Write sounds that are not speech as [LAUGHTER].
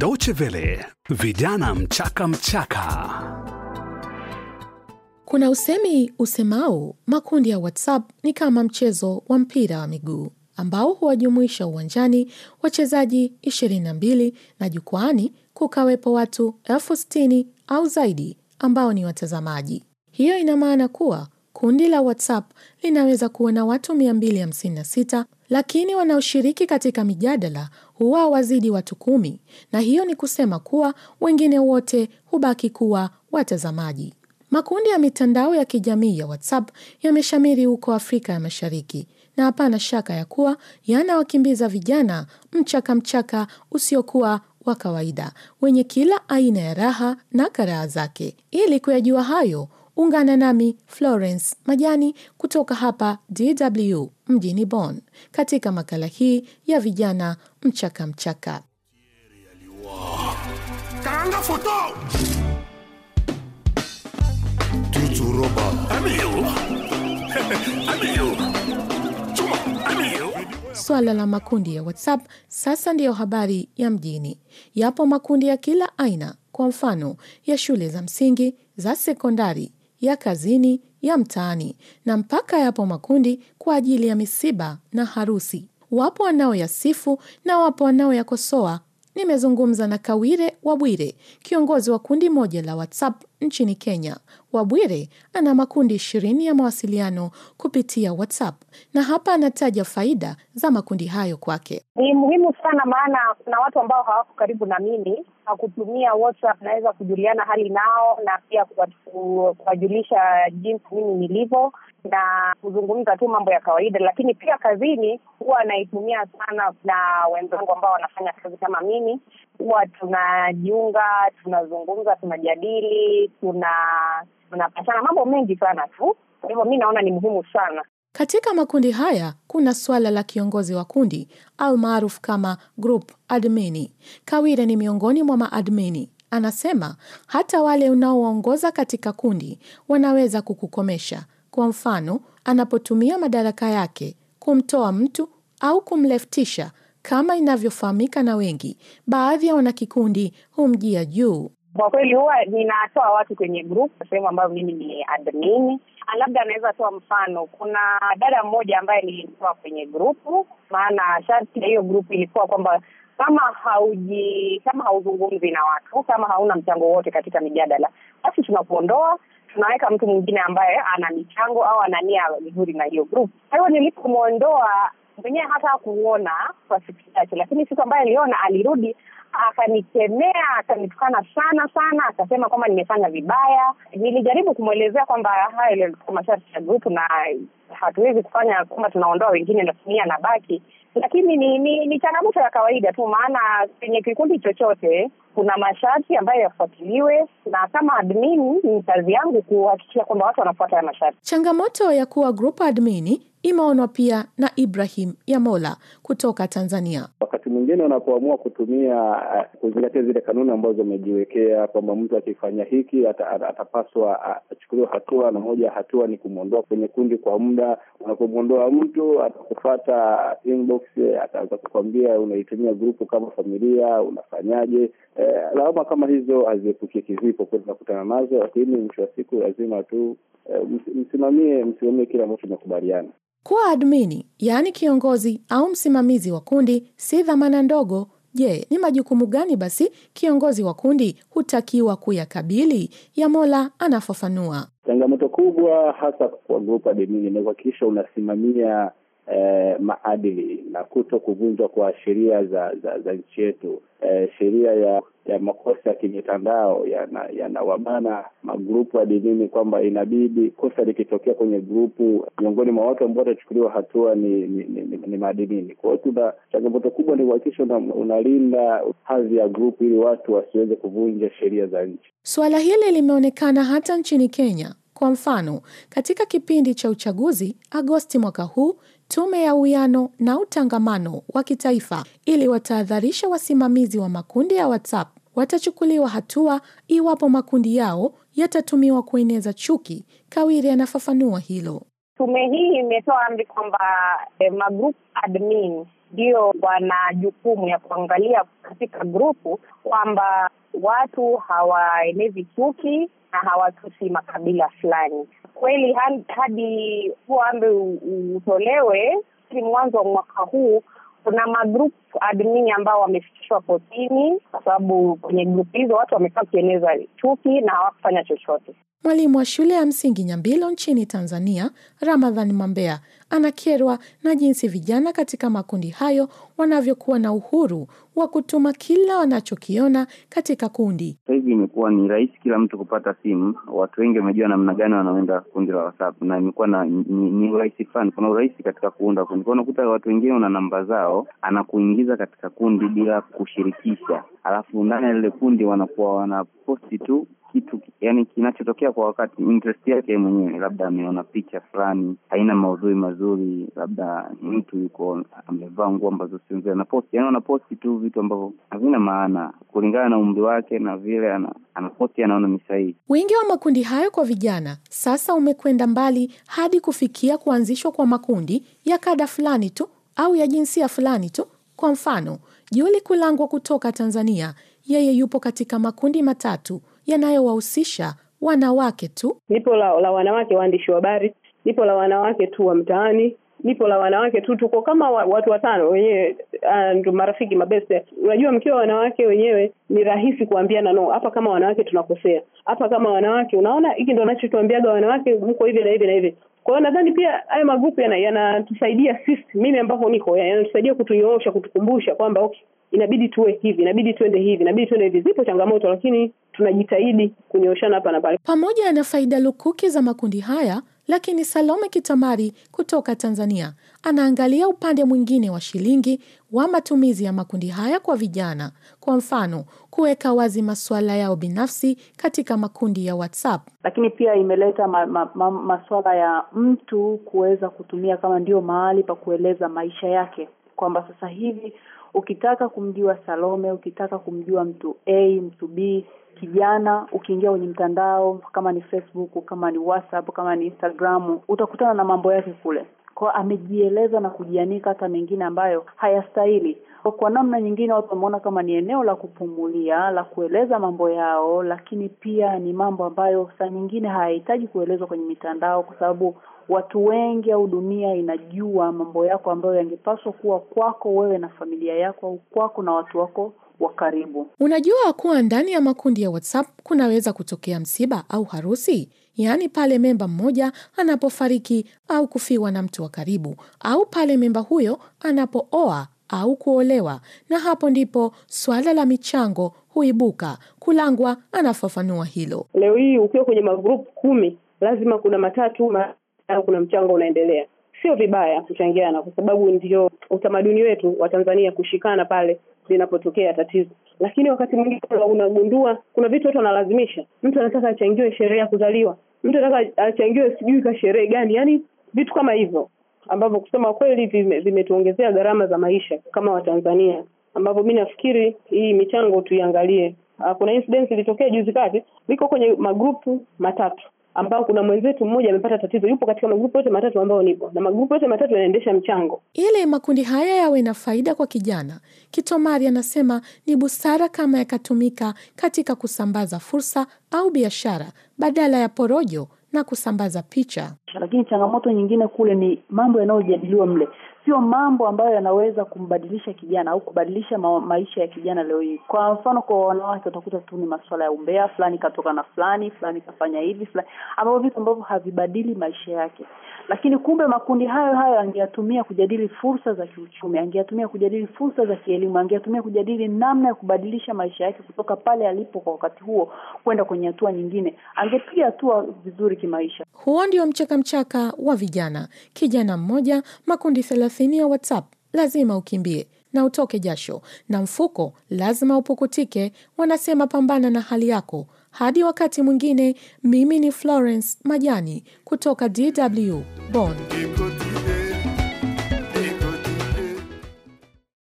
Deutsche Welle, vijana mchaka mchaka. Kuna usemi usemao makundi ya WhatsApp ni kama mchezo wa mpira wa miguu ambao huwajumuisha uwanjani wachezaji 22 na jukwaani kukawepo watu 60 au zaidi ambao ni watazamaji. Hiyo ina maana kuwa kundi la WhatsApp linaweza kuwa na watu 256 lakini wanaoshiriki katika mijadala huwa wazidi watu kumi, na hiyo ni kusema kuwa wengine wote hubaki kuwa watazamaji. Makundi ya mitandao ya kijamii ya WhatsApp yameshamiri huko Afrika ya Mashariki, na hapana shaka ya kuwa yanawakimbiza vijana mchaka mchaka usiokuwa wa kawaida wenye kila aina ya raha na karaha zake. Ili kuyajua hayo Ungana nami Florence Majani kutoka hapa DW mjini bon katika makala hii ya vijana mchaka mchaka. [LAUGHS] Swala la makundi ya WhatsApp sasa ndiyo habari ya mjini. Yapo makundi ya kila aina, kwa mfano ya shule za msingi, za sekondari ya kazini, ya mtaani na mpaka yapo makundi kwa ajili ya misiba na harusi. Wapo wanaoyasifu na wapo wanaoyakosoa. Nimezungumza na Kawire Wabwire, kiongozi wa kundi moja la WhatsApp nchini Kenya. Wabwire ana makundi ishirini ya mawasiliano kupitia WhatsApp na hapa anataja faida za makundi hayo kwake. Ni muhimu sana, maana kuna watu ambao hawako karibu na mimi, na kutumia WhatsApp naweza kujuliana hali nao na pia kuwajulisha jinsi mimi nilivyo na kuzungumza tu mambo ya kawaida, lakini pia kazini huwa anaitumia sana na wenzangu ambao wanafanya kazi kama mimi, huwa tunajiunga, tunazungumza, tunajadili, kuna tunapatana mambo mengi sana tu. Kwa hivyo mi naona ni muhimu sana. Katika makundi haya kuna swala la kiongozi wa kundi au maarufu kama group admini. Kawire ni miongoni mwa maadmini. Anasema hata wale unaowaongoza katika kundi wanaweza kukukomesha. Kwa mfano, anapotumia madaraka yake kumtoa mtu au kumleftisha, kama inavyofahamika na wengi. Baadhi ya wanakikundi humjia juu. Kwa kweli huwa ninatoa watu kwenye group sehemu ambayo mimi ni admin. Ah, labda anaweza toa mfano, kuna dada mmoja ambaye nilimtoa kwenye grupu, maana sharti ya hiyo grupu ilikuwa kwamba kama hauji kama hauzungumzi na watu, kama hauna mchango wote katika mijadala, basi tunakuondoa tunaweka mtu mwingine ambaye ana michango au ana nia na hiyo group. Kwa hiyo nilipomwondoa mwenyewe hata kuona kwa siku chache, lakini siku ambaye aliona alirudi akanikemea, akanitukana sana sana, akasema kwamba nimefanya vibaya. Nilijaribu kumwelezea kwamba haya ah, yalikuwa masharti ya grupu na hatuwezi kufanya kwamba tunaondoa wengine na tumia na baki, lakini ni, ni, ni changamoto ya kawaida tu, maana kwenye kikundi chochote kuna masharti ambayo yafuatiliwe, na kama admin ni kazi yangu kuhakikisha kwamba watu wanafuata haya masharti. Changamoto ya kuwa grupu admini imeonwa pia na Ibrahim Yamola kutoka Tanzania wakati mwingine wanapoamua kutumia eh, kuzingatia zile kanuni ambazo zimejiwekea kwamba mtu akifanya hiki atapaswa achukuliwe hatua, na moja ya hatua ni kumwondoa kwenye kundi kwa muda. Unapomwondoa mtu atakufata inbox, ataanza kukwambia unaitumia grupu kama familia, unafanyaje? Eh, lawama kama hizo haziepukie kizipo, kwa tunakutana nazo, lakini mwisho wa siku lazima tu eh, msimamie msimamie kile ambacho umekubaliana kuwa admini, yaani kiongozi au msimamizi wa kundi, si dhamana ndogo. Je, ni majukumu gani basi kiongozi wa kundi hutakiwa kuyakabili? Yamola anafafanua. Changamoto kubwa hasa kwa grupu admini ni kuhakikisha unasimamia eh, maadili na kuto kuvunjwa kwa sheria za za, za nchi yetu eh, sheria ya ya makosa ya kimitandao yanawabana yana magrupu hadi kwamba inabidi kosa likitokea kwenye grupu, miongoni mwa watu ambao watachukuliwa hatua ni ni, ni, ni maadilini. Kwa hiyo tuna changamoto kubwa ni kuhakikisha unalinda hadhi ya grupu ili watu wasiweze kuvunja sheria za nchi. Suala hili limeonekana hata nchini Kenya. Kwa mfano, katika kipindi cha uchaguzi Agosti mwaka huu, Tume ya Uwiano na Utangamano wa Kitaifa ili watahadharisha wasimamizi wa makundi ya WhatsApp watachukuliwa hatua iwapo makundi yao yatatumiwa kueneza chuki. Kawiri anafafanua hilo. Tume hii imetoa amri kwamba eh, magrupu admin ndio wana jukumu ya kuangalia katika grupu kwamba watu hawaenezi chuki na hawatusi makabila fulani. Kweli hadi huo amri utolewe, mwanzo wa mwaka huu kuna magrup admin ambao wamefikishwa kotini, kwa sababu kwenye grupu hizo watu wamekaa kueneza chuki na hawakufanya chochote. Mwalimu wa shule ya msingi Nyambilo nchini Tanzania, Ramadhan Mambea, anakerwa na jinsi vijana katika makundi hayo wanavyokuwa na uhuru wa kutuma kila wanachokiona katika kundi. Sasa hivi imekuwa ni rahisi kila mtu kupata simu, watu wengi wamejua namna gani wanaenda kundi la WhatsApp na imekuwa na ni, ni urahisi fulani, kuna urahisi katika kuunda kundi. Kwa unakuta watu wengine una namba zao, anakuingiza katika kundi bila kushirikisha, alafu ndani ya lile kundi wanakuwa wanaposti tu kitu yani kinachotokea kwa wakati, interest yake mwenyewe, labda ameona picha fulani haina maudhui mazuri, labda mtu yuko amevaa nguo ambazo si nzuri, anaposti yani, anaposti tu vitu ambavyo havina maana kulingana na umri wake na vile ana, anaposti anaona ni sahihi. Wingi wa makundi hayo kwa vijana sasa umekwenda mbali hadi kufikia kuanzishwa kwa makundi ya kada fulani tu au ya jinsia fulani tu. Kwa mfano, Juli Kulangwa kutoka Tanzania, yeye yupo katika makundi matatu yanayowahusisha wanawake tu. Nipo la, la wanawake waandishi wa habari, nipo la wanawake tu wa mtaani, nipo la wanawake tu, tuko kama watu watano wenyewe, ah, ndo marafiki mabeste. Unajua, mkiwa wanawake wenyewe ni rahisi kuambiana no, hapa kama wanawake tunakosea hapa, kama wanawake unaona, hiki ndo anachotuambiaga wanawake, mko hivi na hivi na hivi. Kwa hiyo nadhani pia haya magrupu yanatusaidia yana sisi, mimi ambapo niko yanatusaidia kutunyoosha, kutukumbusha kwamba okay, inabidi tuwe hivi, inabidi tuende hivi, inabidi tuende hivi. Zipo changamoto, lakini tunajitahidi kunyoshana hapa na pale. Pamoja na faida lukuki za makundi haya, lakini Salome Kitamari kutoka Tanzania anaangalia upande mwingine wa shilingi wa matumizi ya makundi haya kwa vijana, kwa mfano kuweka wazi masuala yao binafsi katika makundi ya WhatsApp. Lakini pia imeleta ma, ma, ma, masuala ya mtu kuweza kutumia kama ndio mahali pa kueleza maisha yake, kwamba sasa hivi ukitaka kumjua Salome, ukitaka kumjua mtu A, mtu B, kijana, ukiingia kwenye mtandao kama ni Facebook, kama ni WhatsApp, kama ni Instagram, utakutana na mambo yake kule. Kwa amejieleza na kujianika hata mengine ambayo hayastahili. Kwa, kwa namna nyingine watu wameona kama ni eneo la kupumulia, la kueleza mambo yao, lakini pia ni mambo ambayo saa nyingine hayahitaji kuelezwa kwenye mitandao kwa sababu watu wengi au dunia inajua mambo yako ambayo yangepaswa kuwa kwako wewe na familia yako au kwako na watu wako wa karibu. Unajua kuwa ndani ya makundi ya WhatsApp kunaweza kutokea msiba au harusi, yaani pale memba mmoja anapofariki au kufiwa na mtu wa karibu, au pale memba huyo anapooa au kuolewa, na hapo ndipo swala la michango huibuka. Kulangwa anafafanua hilo. Leo hii ukiwa kwenye magrupu kumi, lazima kuna matatu ma, kuna mchango unaendelea. Sio vibaya kuchangiana, kwa sababu ndio utamaduni wetu wa Tanzania kushikana pale linapotokea tatizo. Lakini wakati mwingine unagundua kuna vitu watu wanalazimisha. Mtu anataka achangiwe sherehe ya kuzaliwa, mtu anataka achangiwe sijui ka sherehe gani, yani vitu kama hivyo ambavyo kusema kweli vimetuongezea vime gharama za maisha kama Watanzania, ambapo mi nafikiri hii michango tuiangalie. Ah, kuna incident ilitokea juzi kati, niko kwenye magrupu matatu ambao kuna mwenzetu mmoja amepata tatizo, yupo katika magrupu yote matatu ambayo nipo na magrupu yote matatu yanaendesha mchango, ili makundi haya yawe na faida kwa kijana. Kitomari anasema ni busara kama yakatumika katika kusambaza fursa au biashara badala ya porojo na kusambaza picha. Lakini changamoto nyingine kule ni mambo yanayojadiliwa mle sio mambo ambayo yanaweza kumbadilisha kijana au kubadilisha ma maisha ya kijana leo hii. Kwa mfano, kwa wanawake utakuta tu ni masuala ya umbea, fulani katoka na fulani, fulani kafanya hivi, fulani ambavyo vitu ambavyo havibadili maisha yake. Lakini kumbe makundi hayo hayo angeyatumia kujadili fursa za kiuchumi, angeyatumia kujadili fursa za kielimu, angeyatumia kujadili namna ya kubadilisha maisha yake kutoka pale alipo kwa wakati huo kwenda kwenye hatua nyingine, angepiga hatua vizuri kimaisha. Huo ndio mchaka mchaka wa vijana, kijana mmoja, makundi thelathini ya WhatsApp lazima ukimbie na utoke jasho, na mfuko lazima upukutike. Wanasema pambana na hali yako. Hadi wakati mwingine, mimi ni Florence Majani kutoka DW Bonn.